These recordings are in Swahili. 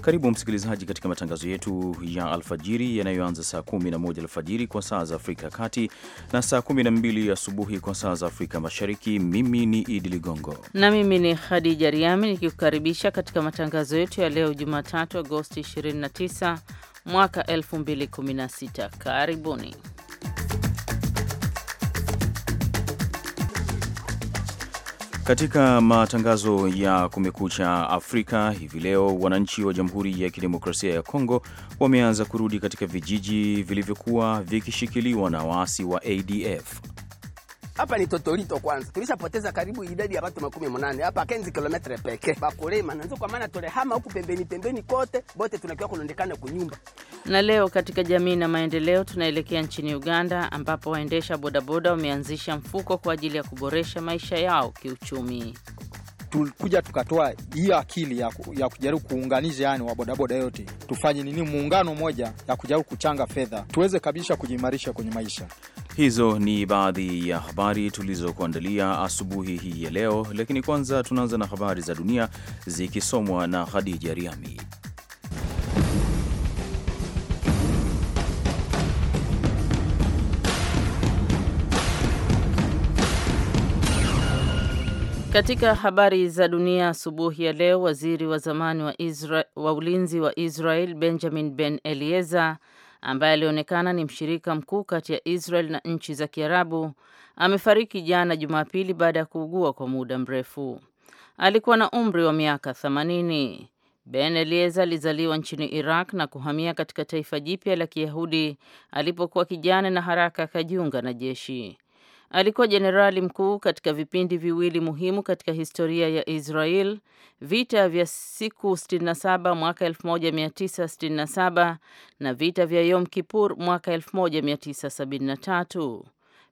Karibu msikilizaji katika matangazo yetu ya alfajiri yanayoanza saa 11 alfajiri kwa saa za Afrika ya Kati na saa 12 asubuhi kwa saa za Afrika Mashariki. Mimi ni Idi Ligongo na mimi ni Khadija Riami nikikukaribisha katika matangazo yetu ya leo Jumatatu, Agosti 29 mwaka 2016. Karibuni. Katika matangazo ya Kumekucha Afrika hivi leo, wananchi wa Jamhuri ya Kidemokrasia ya Kongo wameanza kurudi katika vijiji vilivyokuwa vikishikiliwa na waasi wa ADF. Hapa ni totorito kwanza. Tulishapoteza karibu idadi ya watu makumi Hapa kenzi kilometre peke Bakulima nanzo kwa maana tulehama huku pembeni pembeni kote, bote tunakiwa kulondekana kunyumba. Na leo katika jamii na maendeleo tunaelekea nchini Uganda ambapo waendesha bodaboda wameanzisha mfuko kwa ajili ya kuboresha maisha yao kiuchumi tulikuja tukatoa hiyo akili ya, ya kujaribu kuunganisha yani wabodaboda yote tufanye nini muungano moja ya kujaribu kuchanga fedha tuweze kabisa kujiimarisha kwenye maisha. Hizo ni baadhi ya habari tulizokuandalia asubuhi hii ya leo, lakini kwanza tunaanza na habari za dunia zikisomwa na Khadija Riami. Katika habari za dunia asubuhi ya leo, waziri wa zamani wa, Isra wa ulinzi wa Israel Benjamin Ben Eliezer ambaye alionekana ni mshirika mkuu kati ya Israel na nchi za Kiarabu amefariki jana Jumapili baada ya kuugua kwa muda mrefu. Alikuwa na umri wa miaka 80. Ben Eliezer alizaliwa nchini Iraq na kuhamia katika taifa jipya la Kiyahudi alipokuwa kijana na haraka akajiunga na jeshi. Alikuwa jenerali mkuu katika vipindi viwili muhimu katika historia ya Israel, vita vya siku 67 mwaka 1967 na vita vya Yom Kippur mwaka 1973.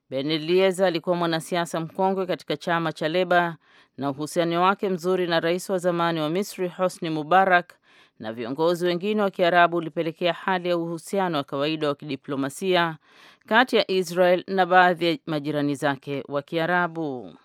Ben Eliezer alikuwa mwanasiasa mkongwe katika chama cha Leba na uhusiano wake mzuri na rais wa zamani wa Misri Hosni Mubarak na viongozi wengine wa Kiarabu ulipelekea hali ya uhusiano wa kawaida wa kidiplomasia kati ya Israel na baadhi ya majirani zake wa Kiarabu.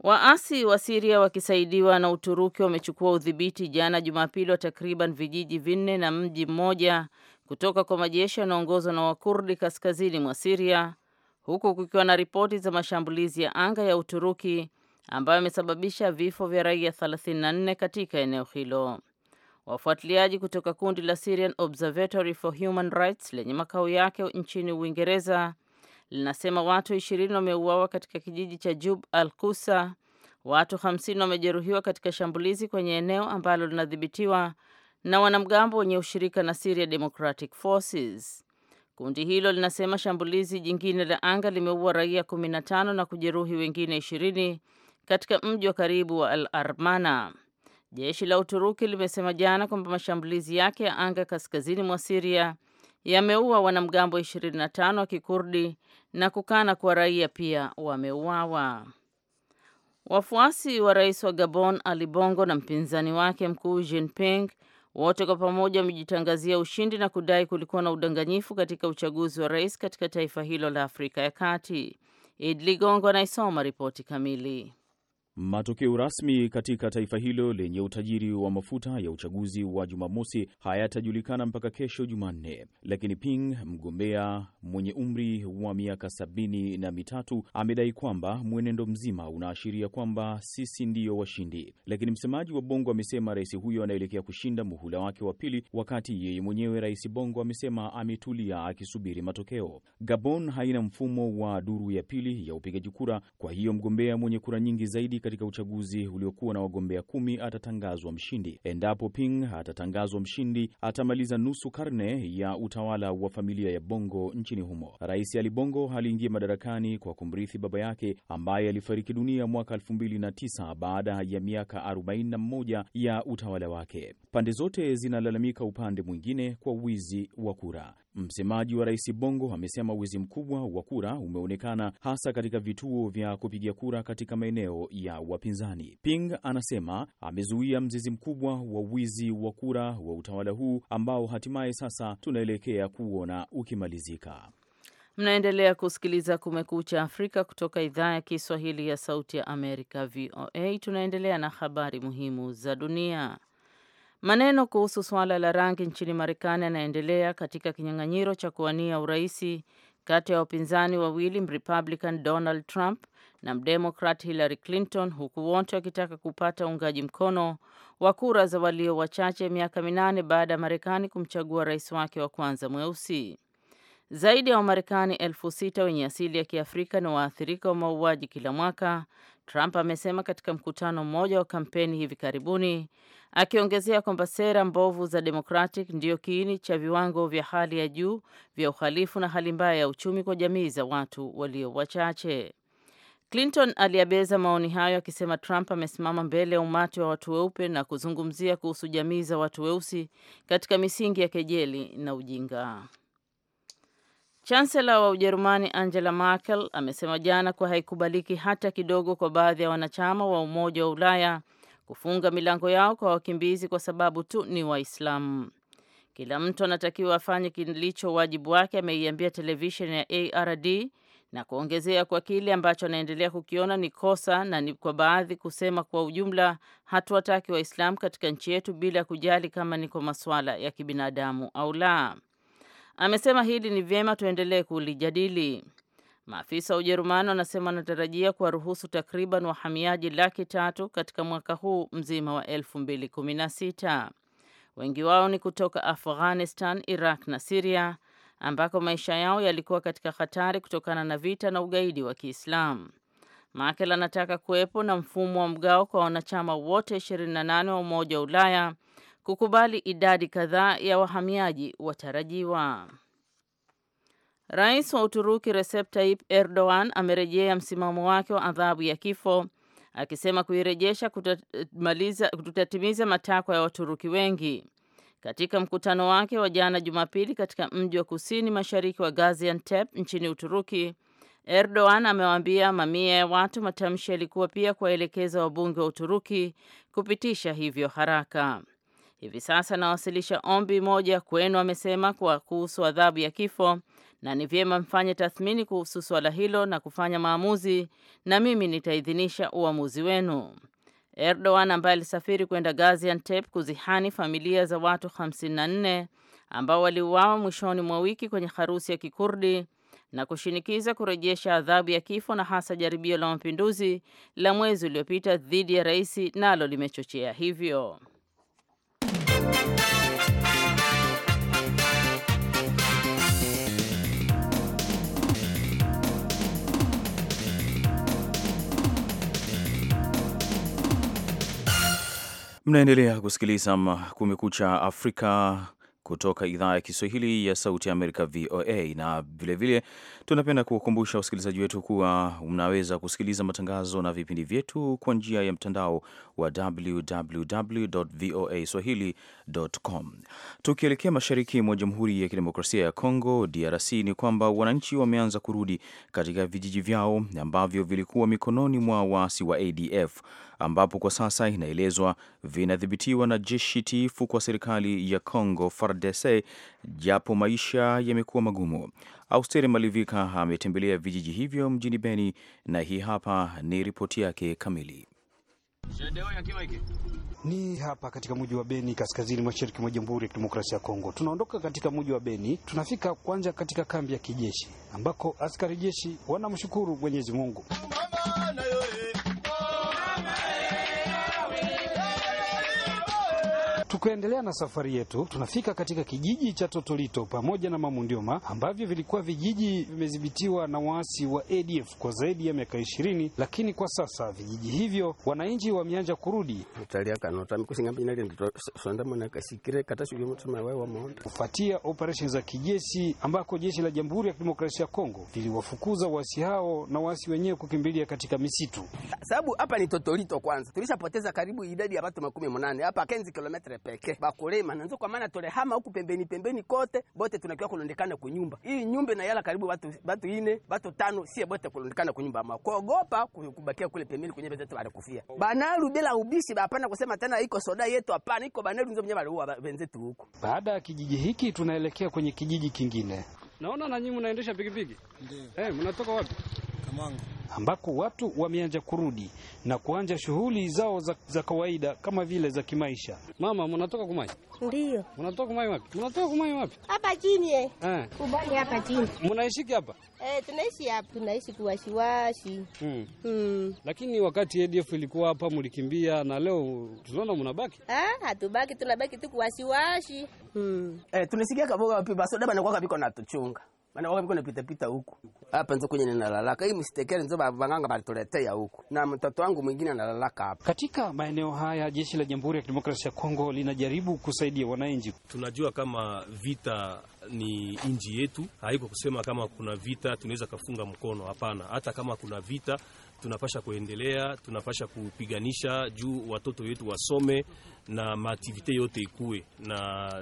Waasi wa Siria wakisaidiwa na Uturuki wamechukua udhibiti jana Jumapili wa takriban vijiji vinne na mji mmoja kutoka kwa majeshi yanaongozwa na Wakurdi kaskazini mwa Siria, huku kukiwa na ripoti za mashambulizi ya anga ya Uturuki ambayo yamesababisha vifo vya raia 34 katika eneo hilo. Wafuatiliaji kutoka kundi la Syrian Observatory for Human Rights lenye makao yake nchini Uingereza linasema watu ishirini wameuawa katika kijiji cha Jub al kusa watu hamsini wamejeruhiwa katika shambulizi kwenye eneo ambalo linadhibitiwa na wanamgambo wenye ushirika na Syria Democratic Forces. Kundi hilo linasema shambulizi jingine la anga limeua raia 15 na kujeruhi wengine ishirini katika mji wa karibu wa Al Armana. Jeshi la Uturuki limesema jana kwamba mashambulizi yake ya anga kaskazini mwa Siria yameua wanamgambo 25 wa Kikurdi na kukana kuwa raia pia wameuawa. Wafuasi wa rais wa Gabon Ali Bongo na mpinzani wake mkuu jinping Ping wote kwa pamoja wamejitangazia ushindi na kudai kulikuwa na udanganyifu katika uchaguzi wa rais katika taifa hilo la Afrika ya Kati. Idi Ligongo anaisoma ripoti kamili. Matokeo rasmi katika taifa hilo lenye utajiri wa mafuta ya uchaguzi wa Jumamosi hayatajulikana mpaka kesho Jumanne, lakini Ping, mgombea mwenye umri wa miaka sabini na mitatu, amedai kwamba mwenendo mzima unaashiria kwamba sisi ndiyo washindi. Lakini msemaji wa Bongo amesema rais huyo anaelekea kushinda muhula wake wa pili, wakati yeye mwenyewe Rais Bongo amesema ametulia akisubiri matokeo. Gabon haina mfumo wa duru ya pili ya upigaji kura, kwa hiyo mgombea mwenye kura nyingi zaidi katika uchaguzi uliokuwa na wagombea kumi atatangazwa mshindi. Endapo Ping atatangazwa mshindi, atamaliza nusu karne ya utawala wa familia ya Bongo nchini humo. Rais Ali Bongo aliingia madarakani kwa kumrithi baba yake ambaye alifariki dunia mwaka 2009 baada ya miaka 41 ya utawala wake. Pande zote zinalalamika upande mwingine kwa wizi wa kura. Msemaji wa Rais Bongo amesema wizi mkubwa wa kura umeonekana hasa katika vituo vya kupiga kura katika maeneo ya wapinzani. Ping anasema amezuia mzizi mkubwa wa wizi wa kura wa utawala huu ambao hatimaye sasa tunaelekea kuona ukimalizika. Mnaendelea kusikiliza Kumekucha Afrika kutoka idhaa ya Kiswahili ya Sauti ya Amerika, VOA. Tunaendelea na habari muhimu za dunia. Maneno kuhusu suala la rangi nchini Marekani yanaendelea katika kinyang'anyiro cha kuwania uraisi kati ya wapinzani wawili Mrepublican Donald Trump na Mdemokrat Hillary Clinton, huku wote wakitaka kupata uungaji mkono wa kura za walio wachache miaka minane baada ya Marekani kumchagua rais wake wa kwanza mweusi. Zaidi ya Wamarekani elfu sita wenye asili ya Kiafrika na waathirika wa mauaji kila mwaka Trump amesema katika mkutano mmoja wa kampeni hivi karibuni, akiongezea kwamba sera mbovu za Democratic ndiyo kiini cha viwango vya hali ya juu vya uhalifu na hali mbaya ya uchumi kwa jamii za watu walio wachache. Clinton aliabeza maoni hayo akisema Trump amesimama mbele ya umati wa watu weupe na kuzungumzia kuhusu jamii za watu weusi katika misingi ya kejeli na ujinga. Chansela wa Ujerumani Angela Merkel amesema jana kuwa haikubaliki hata kidogo kwa baadhi ya wanachama wa Umoja wa Ulaya kufunga milango yao kwa wakimbizi kwa sababu tu ni Waislamu. Kila mtu anatakiwa afanye kilicho wajibu wake, ameiambia televisheni ya ARD na kuongezea kwa kile ambacho anaendelea kukiona ni kosa na ni kwa baadhi kusema kwa ujumla hatuwataki Waislamu katika nchi yetu bila kujali kama ni kwa masuala ya kibinadamu au la amesema hili ni vyema tuendelee kulijadili. Maafisa wa Ujerumani wanasema wanatarajia kuwaruhusu takriban wahamiaji laki tatu katika mwaka huu mzima wa 2016. Wengi wao ni kutoka Afghanistan, Iraq na Siria ambako maisha yao yalikuwa katika hatari kutokana na vita na ugaidi wa Kiislamu. Merkel anataka kuwepo na mfumo wa mgao kwa wanachama wote 28 wa Umoja wa Ulaya kukubali idadi kadhaa ya wahamiaji watarajiwa. Rais wa Uturuki Recep Tayyip Erdogan amerejea msimamo wake wa adhabu ya kifo akisema kuirejesha kutatimiza matakwa ya Waturuki wengi. Katika mkutano wake wa jana Jumapili katika mji wa kusini mashariki wa Gaziantep nchini Uturuki, Erdogan amewaambia mamia ya watu. Matamshi yalikuwa pia kuwaelekeza wabunge wa Uturuki kupitisha hivyo haraka. Hivi sasa nawasilisha ombi moja kwenu, amesema, kwa kuhusu adhabu ya kifo, na ni vyema mfanye tathmini kuhusu swala hilo na kufanya maamuzi, na mimi nitaidhinisha uamuzi wenu. Erdogan ambaye alisafiri kwenda Gaziantep kuzihani familia za watu 54 ambao waliuawa mwishoni mwa wiki kwenye harusi ya Kikurdi na kushinikiza kurejesha adhabu ya kifo na hasa jaribio la mapinduzi la mwezi uliopita dhidi ya rais nalo limechochea hivyo. Mnaendelea kusikiliza Kumekucha Afrika kutoka idhaa ya Kiswahili ya Sauti ya Amerika, VOA. Na vilevile tunapenda kuwakumbusha wasikilizaji wetu kuwa mnaweza kusikiliza matangazo na vipindi vyetu kwa njia ya mtandao wa www voa swahili.com. Tukielekea mashariki mwa Jamhuri ya Kidemokrasia ya Kongo, DRC, ni kwamba wananchi wameanza kurudi katika vijiji vyao ambavyo vilikuwa mikononi mwa waasi wa ADF ambapo kwa sasa inaelezwa vinadhibitiwa na jeshi tiifu kwa serikali ya Congo FARDC, japo maisha yamekuwa magumu. Austeri Malivika ametembelea vijiji hivyo mjini Beni na hii hapa ni ripoti yake kamili. Ni hapa katika mji wa Beni kaskazini mashariki mwa Jamhuri ya Kidemokrasia ya Kongo. Tunaondoka katika mji wa Beni, tunafika kwanza katika kambi ya kijeshi ambako askari jeshi wanamshukuru Mwenyezi Mungu Mama, Tukaendelea na safari yetu, tunafika katika kijiji cha Totolito pamoja na Mamundioma ambavyo vilikuwa vijiji vimedhibitiwa na waasi wa ADF kwa zaidi ya miaka ishirini, lakini kwa sasa vijiji hivyo wananchi wameanza kurudi. Kufuatia operesheni za kijeshi ambako jeshi la Jamhuri ya Kidemokrasia ya Kongo liliwafukuza waasi hao na waasi wenyewe kukimbilia katika misitu. Sababu hapa ni Totolito, kwanza tulishapoteza karibu idadi ya watu makumi manane hapa Kenzi kilometre peke bakulima nanzo, kwa maana hama huku pembeni pembeni kote, bote tunakiwa kulondekana nyumba hii nyumba na yala karibu watu watu ine watu tano, sie bote kulondekana kunyumba ama kuogopa kubakia kule pembeni kwenye bezetu bale kufia banaru bila ubishi, hapana kusema tena iko soda yetu, hapana iko banaru nzo mnyama bale wenzetu huko. Baada ya kijiji hiki tunaelekea kwenye kijiji kingine. Naona na nyinyi mnaendesha pikipiki? Ndio. Eh, hey, mnatoka wapi? Kamangu ambako watu wameanza kurudi na kuanza shughuli zao za, za kawaida kama vile za kimaisha. Mama, mnatoka kumai? Ndio. Mnatoka kumai wapi? Mnatoka kumai wapi? Hapa chini eh. Eh. Kubali hapa chini. Mnaishi hapa? Eh, tunaishi hapa, tunaishi kuwashiwashi. Mm. Mm. Lakini wakati ADF ilikuwa hapa mlikimbia na leo tunaona mnabaki? Ah, hatubaki, tunabaki tu kuwashiwashi. Mm. Eh, tunasikia kaboga wapi basi daba nakuwa kabiko tuchunga. Mana waka biko pita pita huku. Hapa nzo kwenye nalalaka. Hii msitekele nzo banganga balituletea huku. Na mtoto wangu mwingine analalaka hapa. Katika maeneo haya jeshi la Jamhuri ya Kidemokrasia ya Kongo linajaribu kusaidia wananchi. Tunajua kama vita ni inji yetu, haiko kusema kama kuna vita tunaweza kafunga mkono, hapana. Hata kama kuna vita tunapasha kuendelea, tunapasha kupiganisha juu watoto wetu wasome na maaktivite yote ikue na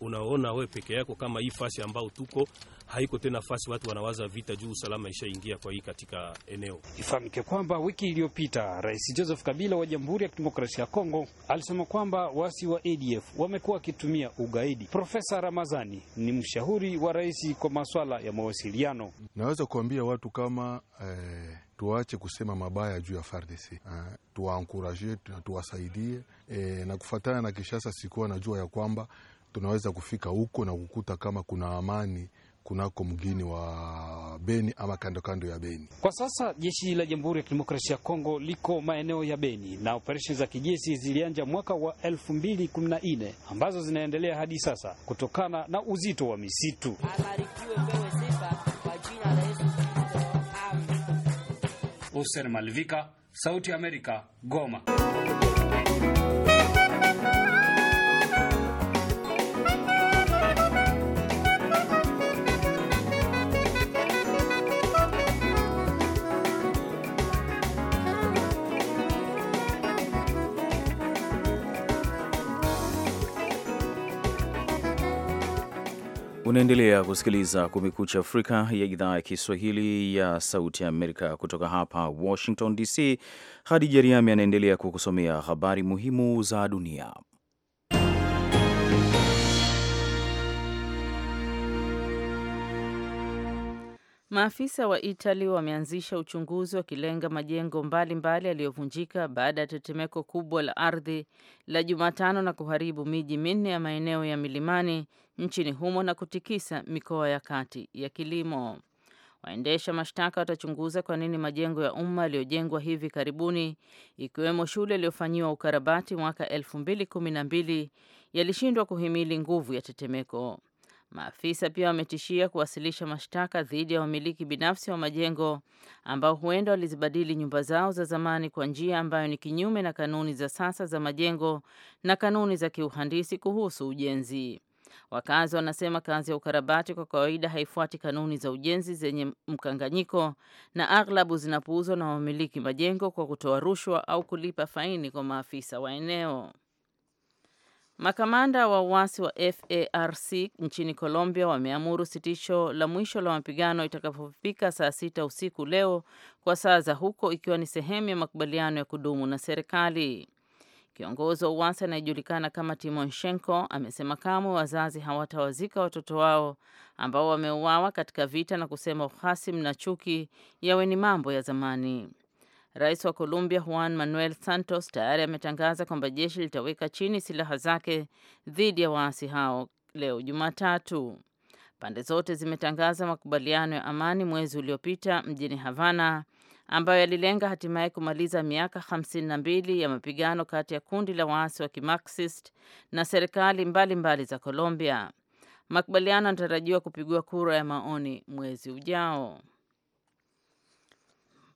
unaona we peke yako, kama hii fasi ambao tuko haiko tena fasi watu wanawaza vita juu usalama ishaingia kwa hii katika eneo. Ifahamike kwamba wiki iliyopita Rais Joseph Kabila wa Jamhuri ya Kidemokrasia ya Kongo alisema kwamba waasi wa ADF wamekuwa wakitumia ugaidi. Profesa Ramazani ni mshauri wa rais kwa masuala ya mawasiliano. Naweza kuambia watu kama eh tuache kusema mabaya juu ya FARDC, ah, tuwaankurajie na tuwasaidie e, na kufuatana na Kishasa, sikuwa najua ya kwamba tunaweza kufika huko na kukuta kama kuna amani kunako mgini wa Beni ama kando kando ya Beni. Kwa sasa jeshi la Jamhuri ya Kidemokrasia ya Kongo liko maeneo ya Beni na operesheni za kijeshi zilianza mwaka wa 2014 ambazo zinaendelea hadi sasa kutokana na uzito wa misitu. Hussein Malvika, Sauti ya Amerika, Goma. Unaendelea kusikiliza Kumekucha Afrika ya idhaa ya Kiswahili ya Sauti ya Amerika kutoka hapa Washington DC. Hadi Jeriami anaendelea kukusomea habari muhimu za dunia. Maafisa wa Itali wameanzisha uchunguzi wakilenga majengo mbalimbali yaliyovunjika baada ya tetemeko kubwa la ardhi la Jumatano na kuharibu miji minne ya maeneo ya milimani nchini humo na kutikisa mikoa ya kati ya kilimo. Waendesha mashtaka watachunguza kwa nini majengo ya umma yaliyojengwa hivi karibuni ikiwemo shule iliyofanyiwa ukarabati mwaka 2012 yalishindwa kuhimili nguvu ya tetemeko. Maafisa pia wametishia kuwasilisha mashtaka dhidi ya wamiliki binafsi wa majengo ambao huenda walizibadili nyumba zao za zamani kwa njia ambayo ni kinyume na kanuni za sasa za majengo na kanuni za kiuhandisi kuhusu ujenzi. Wakazi wanasema kazi ya ukarabati kwa kawaida haifuati kanuni za ujenzi zenye mkanganyiko na aghlabu zinapuuzwa na wamiliki majengo kwa kutoa rushwa au kulipa faini kwa maafisa wa eneo. Makamanda wa uasi wa FARC nchini Colombia wameamuru sitisho la mwisho la mapigano itakapofika saa sita usiku leo kwa saa za huko, ikiwa ni sehemu ya makubaliano ya kudumu na serikali. Kiongozi wa uasi anayejulikana kama Timoshenko amesema kamwe wazazi hawatawazika watoto wao ambao wameuawa katika vita na kusema uhasimu na chuki yawe ni mambo ya zamani. Rais wa Colombia Juan Manuel Santos tayari ametangaza kwamba jeshi litaweka chini silaha zake dhidi ya waasi hao leo Jumatatu. Pande zote zimetangaza makubaliano ya amani mwezi uliopita mjini Havana ambayo yalilenga hatimaye kumaliza miaka 52 ya mapigano kati ya kundi la waasi wa kimaxist na serikali mbalimbali mbali za Colombia. Makubaliano yanatarajiwa kupigua kura ya maoni mwezi ujao.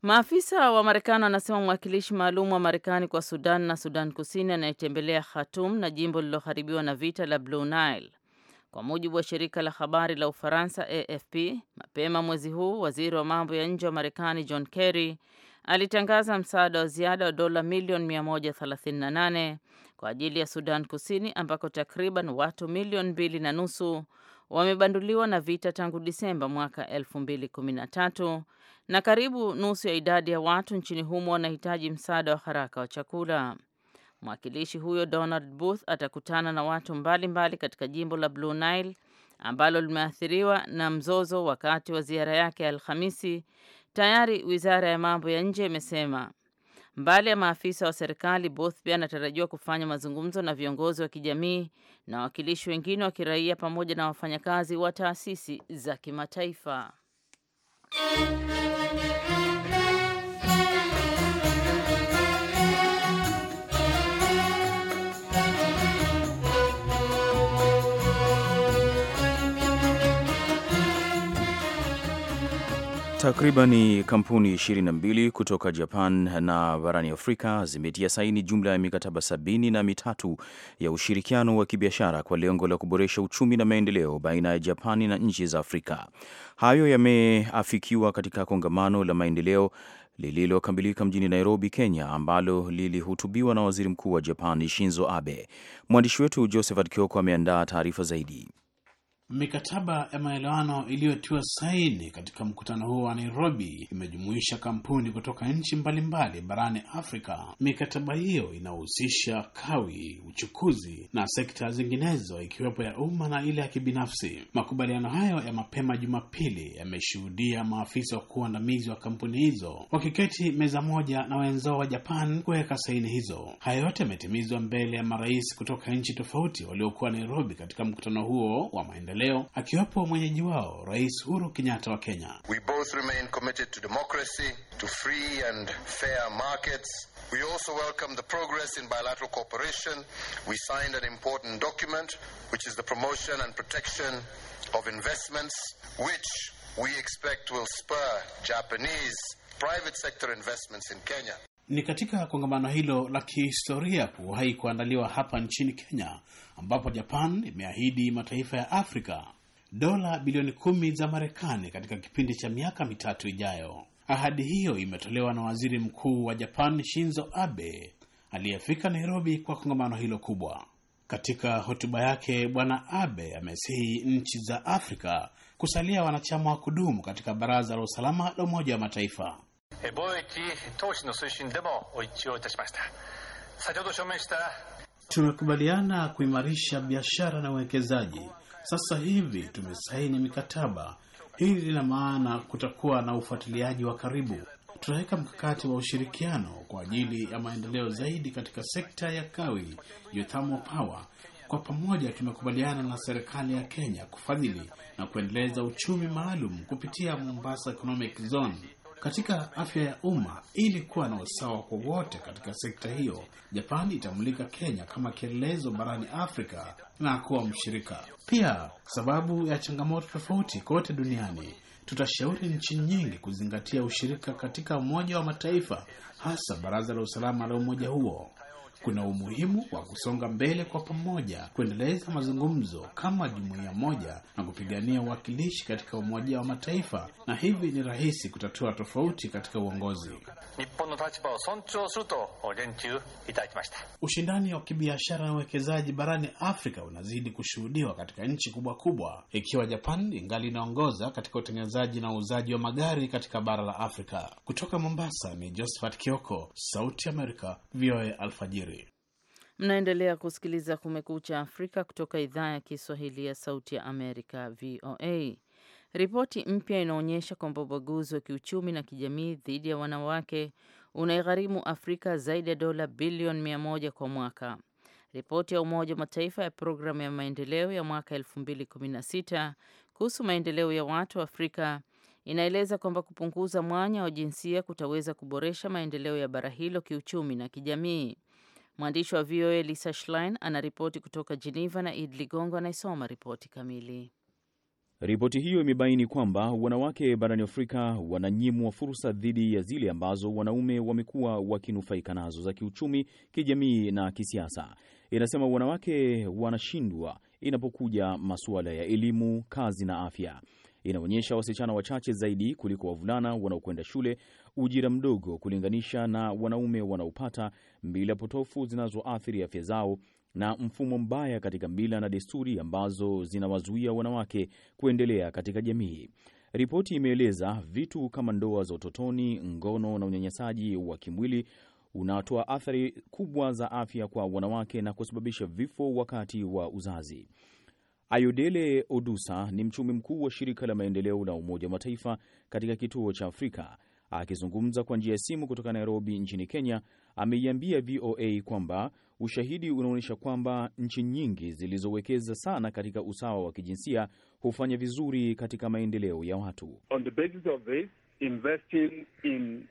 Maafisa wa Marekani wanasema mwakilishi maalum wa Marekani kwa Sudan na Sudan Kusini anayetembelea Khartoum na jimbo lililoharibiwa na vita la Blue Nile kwa mujibu wa shirika la habari la Ufaransa AFP, mapema mwezi huu waziri wa mambo ya nje wa Marekani John Kerry alitangaza msaada wa ziada wa dola milioni 138 kwa ajili ya Sudan Kusini ambako takriban watu milioni mbili na nusu wamebanduliwa na vita tangu Disemba mwaka 2013 na karibu nusu ya idadi ya watu nchini humo wanahitaji msaada wa haraka wa chakula. Mwakilishi huyo Donald Booth atakutana na watu mbalimbali mbali katika jimbo la Blue Nile ambalo limeathiriwa na mzozo wakati wa ziara yake ya Alhamisi. Tayari wizara ya mambo ya nje imesema mbali ya maafisa wa serikali, Booth pia anatarajiwa kufanya mazungumzo na viongozi wa kijamii na wawakilishi wengine wa kiraia pamoja na wafanyakazi wa taasisi za kimataifa. Takribani kampuni 22 kutoka Japan na barani Afrika zimetia saini jumla ya mikataba sabini na mitatu ya ushirikiano wa kibiashara kwa lengo la kuboresha uchumi na maendeleo baina ya Japani na nchi za Afrika. Hayo yameafikiwa katika kongamano la maendeleo lililokamilika mjini Nairobi, Kenya, ambalo lilihutubiwa na waziri mkuu wa Japan Shinzo Abe. Mwandishi wetu Josephat Kioko ameandaa taarifa zaidi. Mikataba ya maelewano iliyotiwa saini katika mkutano huo wa Nairobi imejumuisha kampuni kutoka nchi mbalimbali barani Afrika. Mikataba hiyo inahusisha kawi, uchukuzi na sekta zinginezo ikiwepo ya umma na ile ya kibinafsi. Makubaliano hayo ya mapema Jumapili yameshuhudia maafisa wakuu waandamizi wa kampuni hizo wakiketi meza moja na wenzao wa Japan kuweka saini hizo. Haya yote yametimizwa mbele ya marais kutoka nchi tofauti waliokuwa Nairobi katika mkutano huo wa maendeleo leo akiwapo mwenyeji wao Rais Uhuru Kenyatta wa Kenya. We both remain committed to democracy, to free and fair markets. We also welcome the progress in bilateral cooperation. We signed an important document which is the promotion and protection of investments which we expect will spur Japanese private sector investments in Kenya. Ni katika kongamano hilo la kihistoria kuwahi kuandaliwa hapa nchini Kenya, ambapo Japan imeahidi mataifa ya Afrika dola bilioni kumi za Marekani katika kipindi cha miaka mitatu ijayo. Ahadi hiyo imetolewa na waziri mkuu wa Japan Shinzo Abe aliyefika Nairobi kwa kongamano hilo kubwa. Katika hotuba yake, Bwana Abe amesihi nchi za Afrika kusalia wanachama wa kudumu katika Baraza la Usalama la Umoja wa Mataifa tumekubaliana kuimarisha biashara na uwekezaji sasa hivi tumesaini mikataba hili lina maana kutakuwa na ufuatiliaji wa karibu tunaweka mkakati wa ushirikiano kwa ajili ya maendeleo zaidi katika sekta ya kawi geothermal power kwa pamoja tumekubaliana na serikali ya Kenya kufadhili na kuendeleza uchumi maalum kupitia Mombasa Economic Zone katika afya ya umma ili kuwa na usawa kwa wote katika sekta hiyo. Japani itamulika Kenya kama kielelezo barani Afrika na kuwa mshirika pia, sababu ya changamoto tofauti kote duniani. Tutashauri nchi nyingi kuzingatia ushirika katika Umoja wa Mataifa, hasa Baraza la Usalama la umoja huo kuna umuhimu wa kusonga mbele kwa pamoja, kuendeleza mazungumzo kama jumuiya moja na kupigania uwakilishi katika Umoja wa Mataifa, na hivi ni rahisi kutatua tofauti katika uongozi. Ushindani wa kibiashara na uwekezaji barani Afrika unazidi kushuhudiwa katika nchi kubwa kubwa, ikiwa Japan ingali inaongoza katika utengenezaji na uuzaji wa magari katika bara la Afrika. Kutoka Mombasa ni Josephat Kioko, Sauti ya Amerika, VOA Alfajiri. Mnaendelea kusikiliza Kumekucha Afrika kutoka idhaa ya Kiswahili ya Sauti ya Amerika, VOA. Ripoti mpya inaonyesha kwamba ubaguzi wa kiuchumi na kijamii dhidi ya wanawake unaigharimu Afrika zaidi ya dola bilioni 1 kwa mwaka. Ripoti ya Umoja wa Mataifa ya programu ya maendeleo ya mwaka 2016 kuhusu maendeleo ya watu wa Afrika inaeleza kwamba kupunguza mwanya wa jinsia kutaweza kuboresha maendeleo ya bara hilo kiuchumi na kijamii. Mwandishi wa VOA Lisa Schlein anaripoti kutoka Geneva na Id Ligongo anayesoma ripoti kamili. Ripoti hiyo imebaini kwamba wanawake barani Afrika wananyimwa fursa dhidi ya zile ambazo wanaume wamekuwa wakinufaika nazo za kiuchumi, kijamii na kisiasa. Inasema wanawake wanashindwa inapokuja masuala ya elimu, kazi na afya inaonyesha wasichana wachache zaidi kuliko wavulana wanaokwenda shule, ujira mdogo kulinganisha na wanaume wanaopata, mila potofu zinazoathiri afya zao na mfumo mbaya katika mila na desturi ambazo zinawazuia wanawake kuendelea katika jamii. Ripoti imeeleza vitu kama ndoa za utotoni, ngono na unyanyasaji wa kimwili unatoa athari kubwa za afya kwa wanawake na kusababisha vifo wakati wa uzazi. Ayodele Odusa ni mchumi mkuu wa shirika la maendeleo la Umoja wa Mataifa katika kituo cha Afrika. Akizungumza kwa njia ya simu kutoka Nairobi nchini Kenya, ameiambia VOA kwamba ushahidi unaonyesha kwamba nchi nyingi zilizowekeza sana katika usawa wa kijinsia hufanya vizuri katika maendeleo ya watu. On the basis of this, investing in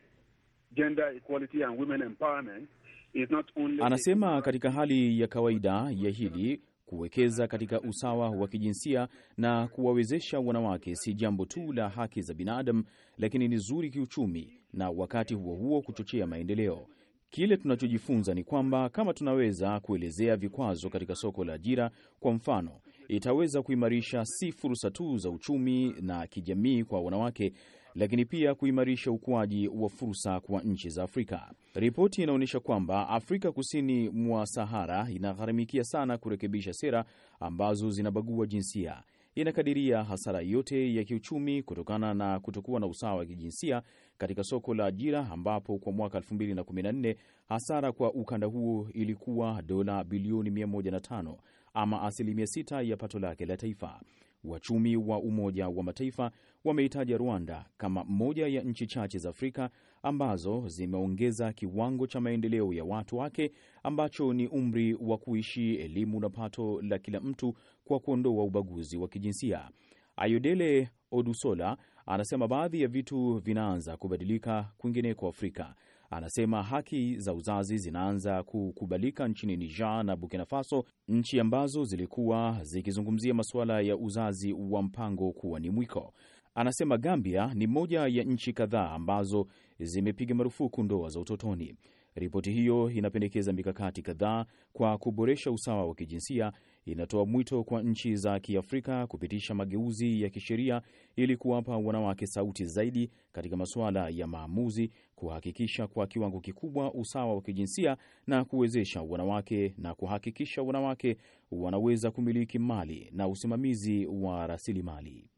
gender equality and women empowerment is not only... Anasema katika hali ya kawaida ya hili Kuwekeza katika usawa wa kijinsia na kuwawezesha wanawake si jambo tu la haki za binadamu, lakini ni zuri kiuchumi na wakati huo huo kuchochea maendeleo. Kile tunachojifunza ni kwamba kama tunaweza kuelezea vikwazo katika soko la ajira, kwa mfano, itaweza kuimarisha si fursa tu za uchumi na kijamii kwa wanawake, lakini pia kuimarisha ukuaji wa fursa kwa nchi za Afrika. Ripoti inaonyesha kwamba Afrika kusini mwa Sahara inagharamikia sana kurekebisha sera ambazo zinabagua jinsia. Inakadiria hasara yote ya kiuchumi kutokana na kutokuwa na usawa wa kijinsia katika soko la ajira, ambapo kwa mwaka 2014 hasara kwa ukanda huo ilikuwa dola bilioni 105 ama asilimia 6 ya pato lake la taifa. Wachumi wa Umoja wa Mataifa wameitaja Rwanda kama moja ya nchi chache za Afrika ambazo zimeongeza kiwango cha maendeleo ya watu wake ambacho ni umri wa kuishi, elimu na pato la kila mtu kwa kuondoa ubaguzi wa kijinsia. Ayodele Odusola anasema baadhi ya vitu vinaanza kubadilika kwingineko Afrika. Anasema haki za uzazi zinaanza kukubalika nchini Niger na Burkina Faso, nchi ambazo zilikuwa zikizungumzia masuala ya uzazi wa mpango kuwa ni mwiko. Anasema Gambia ni moja ya nchi kadhaa ambazo zimepiga marufuku ndoa za utotoni. Ripoti hiyo inapendekeza mikakati kadhaa kwa kuboresha usawa wa kijinsia. Inatoa mwito kwa nchi za Kiafrika kupitisha mageuzi ya kisheria ili kuwapa wanawake sauti zaidi katika masuala ya maamuzi, kuhakikisha kwa kiwango kikubwa usawa wa kijinsia na kuwezesha wanawake na kuhakikisha wanawake wanaweza kumiliki mali na usimamizi wa rasilimali.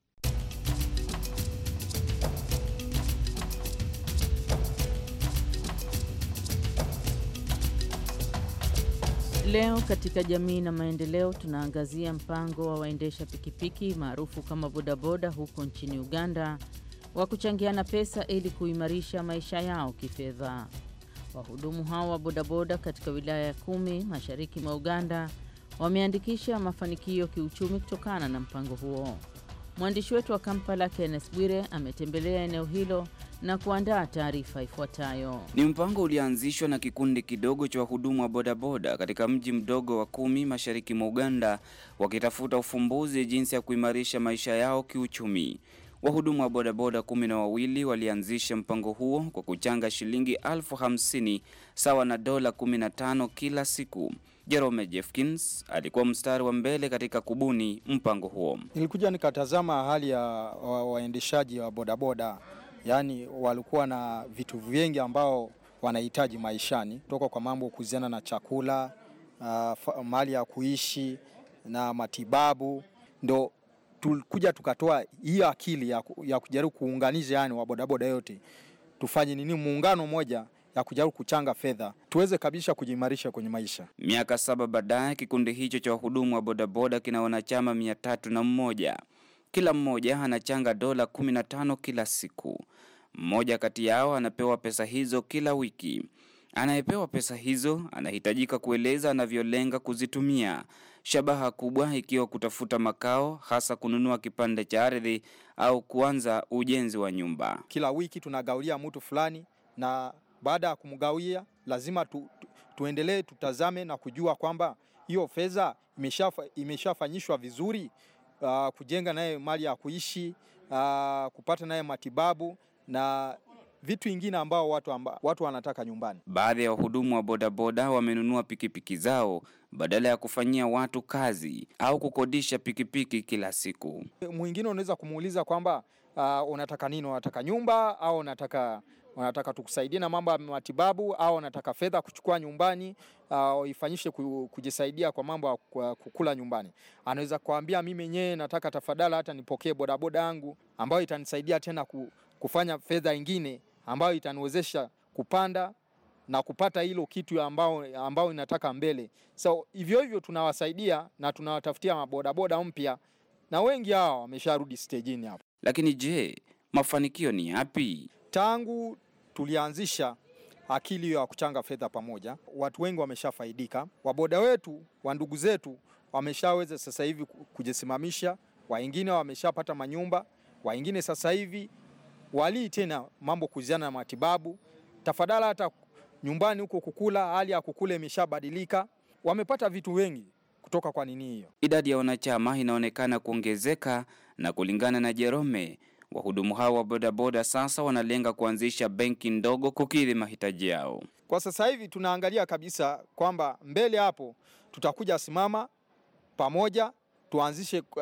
Leo katika jamii na maendeleo tunaangazia mpango wa waendesha pikipiki maarufu kama bodaboda huko nchini Uganda wa kuchangiana pesa ili kuimarisha maisha yao kifedha. Wahudumu hao wa bodaboda katika wilaya ya kumi mashariki mwa Uganda wameandikisha mafanikio kiuchumi kutokana na mpango huo. Mwandishi wetu wa Kampala Kenneth Bwire ametembelea eneo hilo na kuandaa taarifa ifuatayo. Ni mpango ulioanzishwa na kikundi kidogo cha wahudumu wa bodaboda katika mji mdogo wa Kumi mashariki mwa Uganda, wakitafuta ufumbuzi jinsi ya kuimarisha maisha yao kiuchumi. Wahudumu wa bodaboda kumi na wawili walianzisha mpango huo kwa kuchanga shilingi elfu hamsini sawa na dola 15 kila siku. Jerome Jeffkins alikuwa mstari wa mbele katika kubuni mpango huo. Nilikuja nikatazama hali ya waendeshaji wa bodaboda, yaani walikuwa na vitu vingi ambao wanahitaji maishani, kutoka kwa mambo kuhusiana na chakula, uh, mali ya kuishi na matibabu. Ndo tulikuja tukatoa hiyo akili ya, ya kujaribu kuunganisha, yani bodaboda yote tufanye nini, muungano mmoja ya kujaribu kuchanga fedha tuweze kabisa kujiimarisha kwenye maisha. Miaka saba baadaye, kikundi hicho cha wahudumu wa bodaboda kina wanachama mia tatu na mmoja. Kila mmoja anachanga dola 15 tano kila siku. Mmoja kati yao anapewa pesa hizo kila wiki. Anayepewa pesa hizo anahitajika kueleza anavyolenga kuzitumia, shabaha kubwa ikiwa kutafuta makao, hasa kununua kipande cha ardhi au kuanza ujenzi wa nyumba. Kila wiki tunagaulia mtu fulani, na baada ya kumgawia lazima tu, tu, tuendelee tutazame na kujua kwamba hiyo fedha imeshafanyishwa vizuri uh, kujenga naye mali ya kuishi uh, kupata naye matibabu na vitu ingine ambao watu, amba, watu wanataka nyumbani. Baadhi ya wahudumu wa bodaboda wamenunua pikipiki zao badala ya kufanyia watu kazi au kukodisha pikipiki kila siku. Mwingine unaweza kumuuliza kwamba uh, unataka nini? Unataka nyumba au unataka wanataka tukusaidie na mambo ya matibabu au wanataka fedha kuchukua nyumbani au ifanyishe kujisaidia kwa mambo ya kukula nyumbani, anaweza kuambia mimi mwenyewe nataka tafadhali hata nipokee bodaboda yangu ambayo itanisaidia tena kufanya fedha ingine ambayo itaniwezesha kupanda na kupata hilo kitu ambao, ambao inataka mbele. So hivyo hivyo tunawasaidia na tunawatafutia mabodaboda mpya na wengi hao wamesharudi stejini hapo. Lakini je, mafanikio ni yapi? Tangu tulianzisha akili ya kuchanga fedha pamoja, watu wengi wameshafaidika. Waboda wetu wa ndugu zetu wameshaweza sasa hivi kujisimamisha, wengine wameshapata manyumba, wengine sasa hivi walii tena mambo kuhusiana na matibabu, tafadhali hata nyumbani huko kukula, hali ya kukula imeshabadilika, wamepata vitu wengi kutoka kwa nini hiyo. Idadi ya wanachama inaonekana kuongezeka na kulingana na Jerome Wahudumu hao wa bodaboda sasa wanalenga kuanzisha benki ndogo kukidhi mahitaji yao. Kwa sasa hivi tunaangalia kabisa kwamba mbele hapo tutakuja simama pamoja tuanzishe uh,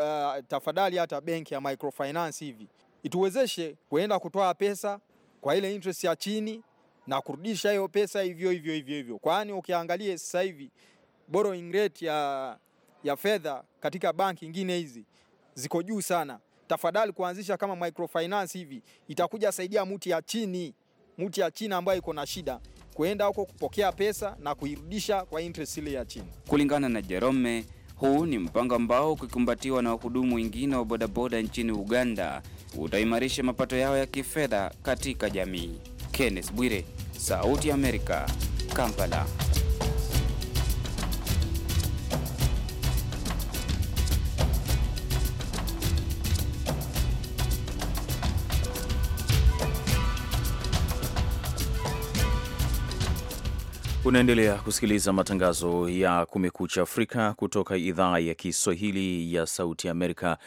tafadhali hata benki ya microfinance hivi ituwezeshe kuenda kutoa pesa kwa ile interest ya chini na kurudisha hiyo pesa hivyo hivyo hivyo hivyo, kwani ukiangalia sasa hivi borrowing rate ya, ya fedha katika banki nyingine hizi ziko juu sana tafadhali kuanzisha kama microfinance hivi, itakuja saidia muti ya chini, muti ya chini ambayo iko na shida kuenda huko kupokea pesa na kuirudisha kwa interest ile ya chini. Kulingana na Jerome, huu ni mpango ambao ukikumbatiwa na wahudumu wengine wa bodaboda nchini Uganda utaimarisha mapato yao ya kifedha katika jamii. Kenneth Bwire, Sauti ya Amerika, Kampala. Unaendelea kusikiliza matangazo ya Kumekucha Afrika kutoka idhaa ya Kiswahili ya Sauti Amerika,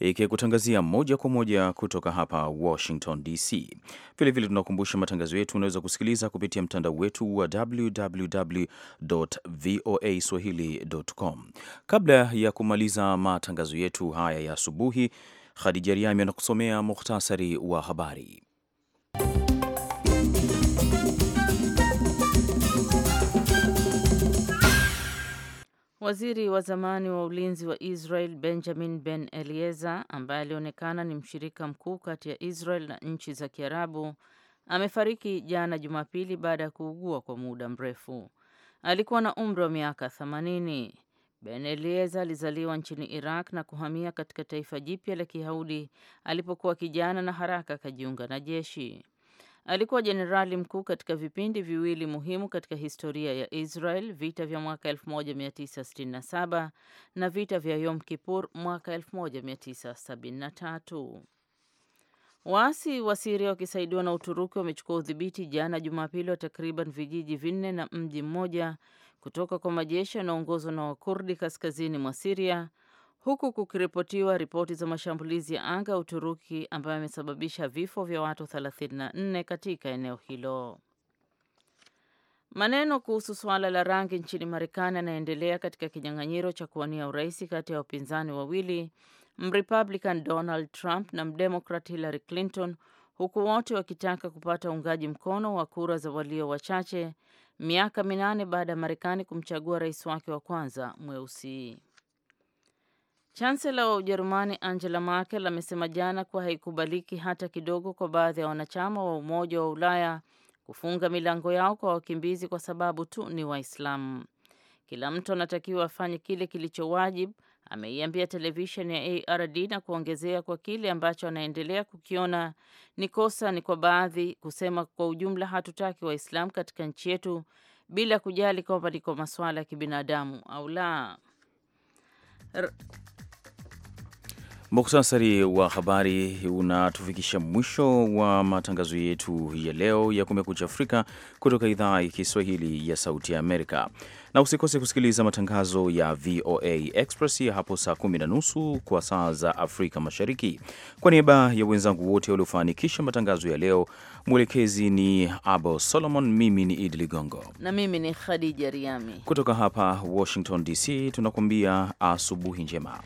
ikikutangazia moja kwa moja kutoka hapa Washington DC. Vilevile tunakumbusha matangazo yetu unaweza kusikiliza kupitia mtandao wetu wa www voa swahili.com. Kabla ya kumaliza matangazo yetu haya ya asubuhi, Khadija Riami anakusomea muhtasari wa habari. Waziri wa zamani wa ulinzi wa Israel Benjamin Ben Eliezer, ambaye alionekana ni mshirika mkuu kati ya Israel na nchi za Kiarabu, amefariki jana Jumapili baada ya kuugua kwa muda mrefu. Alikuwa na umri wa miaka 80. Ben Eliezer alizaliwa nchini Iraq na kuhamia katika taifa jipya la Kiyahudi alipokuwa kijana na haraka akajiunga na jeshi. Alikuwa jenerali mkuu katika vipindi viwili muhimu katika historia ya Israel, vita vya mwaka 1967 na vita vya Yom Kippur mwaka 1973. Waasi wa Siria wakisaidiwa na Uturuki wamechukua udhibiti jana Jumapili wa takriban vijiji vinne na mji mmoja kutoka kwa majeshi yanaongozwa na Wakurdi kaskazini mwa Siria huku kukiripotiwa ripoti za mashambulizi ya anga ya Uturuki ambayo yamesababisha vifo vya watu 34 katika eneo hilo. Maneno kuhusu suala la rangi nchini Marekani yanaendelea katika kinyang'anyiro cha kuwania urais kati ya wapinzani wawili, Mrepublican Donald Trump na Mdemokrat Hillary Clinton, huku wote wakitaka kupata uungaji mkono wa kura za walio wachache, miaka minane baada ya Marekani kumchagua rais wake wa kwanza mweusi. Chansela wa Ujerumani Angela Merkel amesema jana kuwa haikubaliki hata kidogo kwa baadhi ya wanachama wa Umoja wa Ulaya kufunga milango yao kwa wakimbizi kwa sababu tu ni Waislamu. Kila mtu anatakiwa afanye kile kilicho wajibu, ameiambia televisheni ya ARD na kuongezea kwa kile ambacho anaendelea kukiona ni kosa ni kwa baadhi kusema kwa ujumla hatutaki Waislamu katika nchi yetu bila kujali kwamba ni kwa masuala ya kibinadamu au la. Muktasari wa habari unatufikisha mwisho wa matangazo yetu ya leo ya Kumekucha Afrika kutoka idhaa ya Kiswahili ya Sauti ya Amerika, na usikose kusikiliza matangazo ya VOA Express ya hapo saa kumi na nusu kwa saa za Afrika Mashariki. Kwa niaba ya wenzangu wote waliofanikisha matangazo ya leo, mwelekezi ni Abo Solomon, mimi ni Idi Ligongo na mimi ni Khadija Riami kutoka hapa Washington DC, tunakuambia asubuhi njema.